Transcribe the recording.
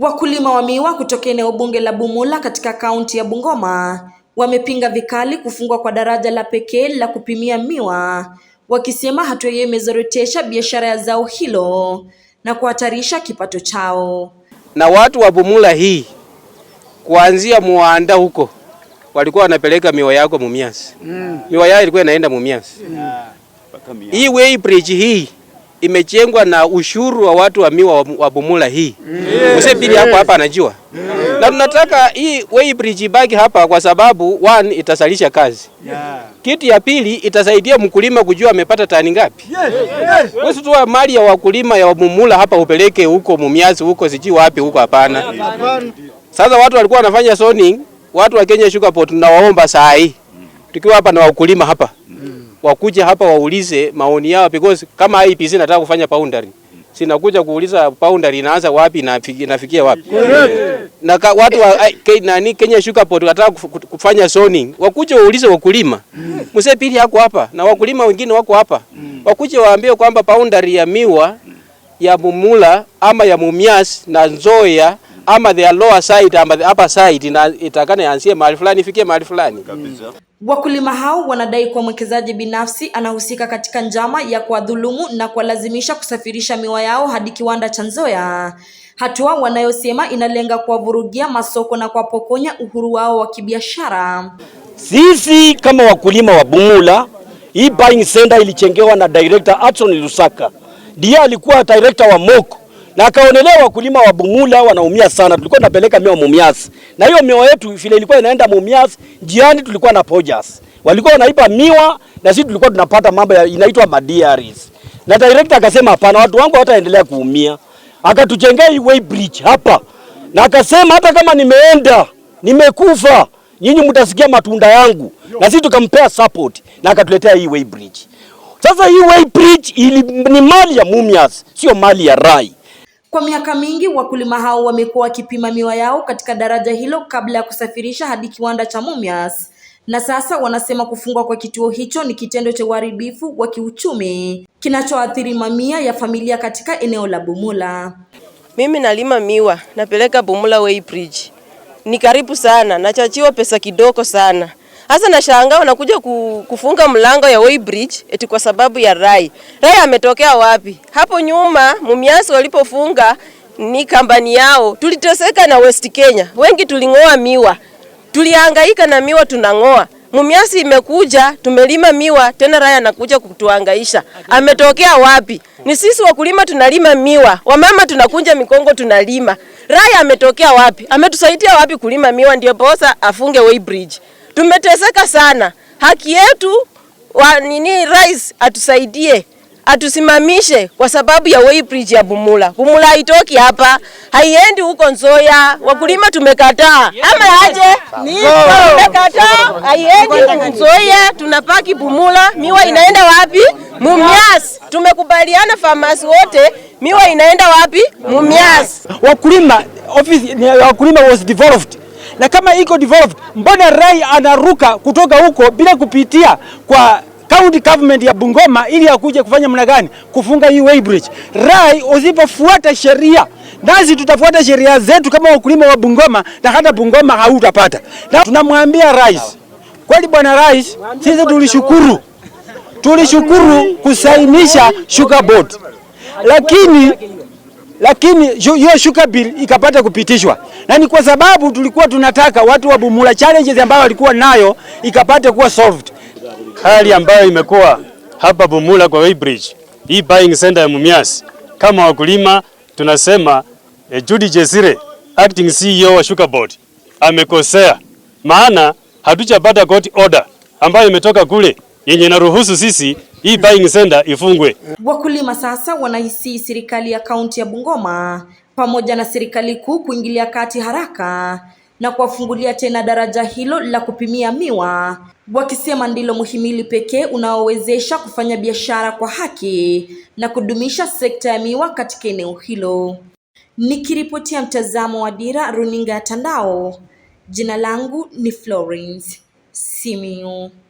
Wakulima wa miwa kutoka eneo bunge la Bumula katika kaunti ya Bungoma wamepinga vikali kufungwa kwa daraja la pekee la kupimia miwa, wakisema hatua hiyo imezorotesha biashara ya zao hilo na kuhatarisha kipato chao. Na watu wa Bumula hii kuanzia Muanda huko walikuwa wanapeleka miwa yako Mumias, mm. miwa yao ilikuwa inaenda Mumias, mm. hii way bridge hii imejengwa na ushuru wa watu wa miwa wa Bumula hii yeah. Museveni yeah. Hapo hapa anajua yeah. Na tunataka hii way bridge baki hapa kwa sababu one, itasalisha kazi yeah. Kitu ya pili itasaidia mkulima kujua amepata tani ngapi yes. yes. Wewe mali ya wakulima ya Bumula hapa upeleke huko Mumiazi huko siji wapi huko, hapana yeah. Sasa watu walikuwa wanafanya zoning, watu wa Kenya Sugar Port, tunawaomba saa hii tukiwa hapa na wakulima hapa wakuja hapa waulize maoni yao, because kama IPC nataka kufanya boundary, sinakuja kuuliza boundary inaanza wapi na inafikia wapi na ka, watu wa eh, ke, nani Kenya Sugar Board wanataka kufanya zoning, wakuja waulize wakulima. Mzee Pili yako hapa na wakulima wengine wako hapa, wakuja waambie kwamba boundary ya miwa ya Mumula ama ya Mumias na Nzoia ama the lower side ama the upper side na itakana yansie mahali fulani ifikie mahali fulani kabisa. Wakulima hao wanadai kuwa mwekezaji binafsi anahusika katika njama ya kuwadhulumu na kuwalazimisha kusafirisha miwa yao hadi kiwanda cha nzoya hatua wanayosema inalenga kuwavurugia masoko na kuwapokonya uhuru wao wa kibiashara. Sisi kama wakulima wa Bumula, hii buying center ilichengewa na director Atson Lusaka, ndiye alikuwa director wa Moko na akaonelewa wakulima wa Bumula wanaumia sana. Tulikuwa tunapeleka mioa Mumias, na hiyo mioa yetu vile ilikuwa inaenda Mumias, njiani tulikuwa na pojas walikuwa wanaiba miwa, na sisi tulikuwa tunapata mambo inaitwa madiaris, na director akasema hapana, watu wangu hawataendelea kuumia. Akatujengea hii way bridge hapa, na akasema hata kama nimeenda nimekufa, nyinyi mtasikia matunda yangu, na sisi tukampea support na akatuletea hii way bridge. Sasa hii way bridge ili, ni mali ya Mumias, sio mali ya Rai. Kwa miaka mingi wakulima hao wamekuwa wakipima miwa yao katika daraja hilo kabla ya kusafirisha hadi kiwanda cha Mumias, na sasa wanasema kufungwa kwa kituo hicho ni kitendo cha uharibifu wa kiuchumi kinachoathiri mamia ya familia katika eneo la Bumula. Mimi nalima miwa napeleka Bumula Way Bridge, ni karibu sana, nachachiwa pesa kidogo sana Hasa nashangaa wanakuja kufunga mlango ya Way Bridge eti kwa sababu ya Rai. Rai ametokea wapi? Hapo nyuma Mumias walipofunga ni kampani yao. Tuliteseka na West Kenya. Wengi tuling'oa miwa. Tuliangaika na miwa tunang'oa. Mumiasi imekuja, tumelima miwa, tena Rai anakuja kutuangaisha. Ametokea wapi? Ni sisi wakulima tunalima miwa. Wamama tunakunja mikongo tunalima. Rai ametokea wapi? Ametusaidia wapi kulima miwa ndio bosa afunge Way Bridge? Tumeteseka sana, haki yetu wa nini? Rais atusaidie atusimamishe kwa sababu ya way bridge ya Bumula. Bumula haitoki hapa, haiendi huko nzoya Wakulima tumekataa ama aje? Tumekataa, haiendi nzoya tunapaki Bumula. Miwa inaenda wapi? Mumias. Tumekubaliana farmers wote, miwa inaenda wapi? Mumias. Wakulima office, wakulima was devolved na kama iko devolved, mbona Rai anaruka kutoka huko bila kupitia kwa county government ya Bungoma ili akuje kufanya mna gani kufunga hii way Rai usipofuata sheria, nasi tutafuata sheria zetu kama wakulima wa Bungoma na hata Bungoma hautapata. Na tunamwambia rais, kweli bwana rais, sisi tulishukuru tulishukuru kusainisha sugar board, lakini lakini hiyo sugar bill ikapata kupitishwa, na ni kwa sababu tulikuwa tunataka watu wa Bumula challenges ambayo walikuwa nayo ikapata kuwa solved. Hali ambayo imekuwa hapa Bumula kwa weighbridge hii buying center ya Mumias, kama wakulima tunasema eh, Judy Jesire acting CEO wa Sugar Board amekosea, maana hatujapata court order ambayo imetoka kule yenye inaruhusu sisi hii buying center ifungwe. Wakulima sasa wanahisi serikali ya kaunti ya Bungoma pamoja na serikali kuu kuingilia kati haraka na kuwafungulia tena daraja hilo la kupimia miwa, wakisema ndilo muhimili pekee unaowezesha kufanya biashara kwa haki na kudumisha sekta ya miwa katika eneo hilo. Nikiripotia mtazamo wa Dira Runinga ya Tandao, jina langu ni Florence Simiyu.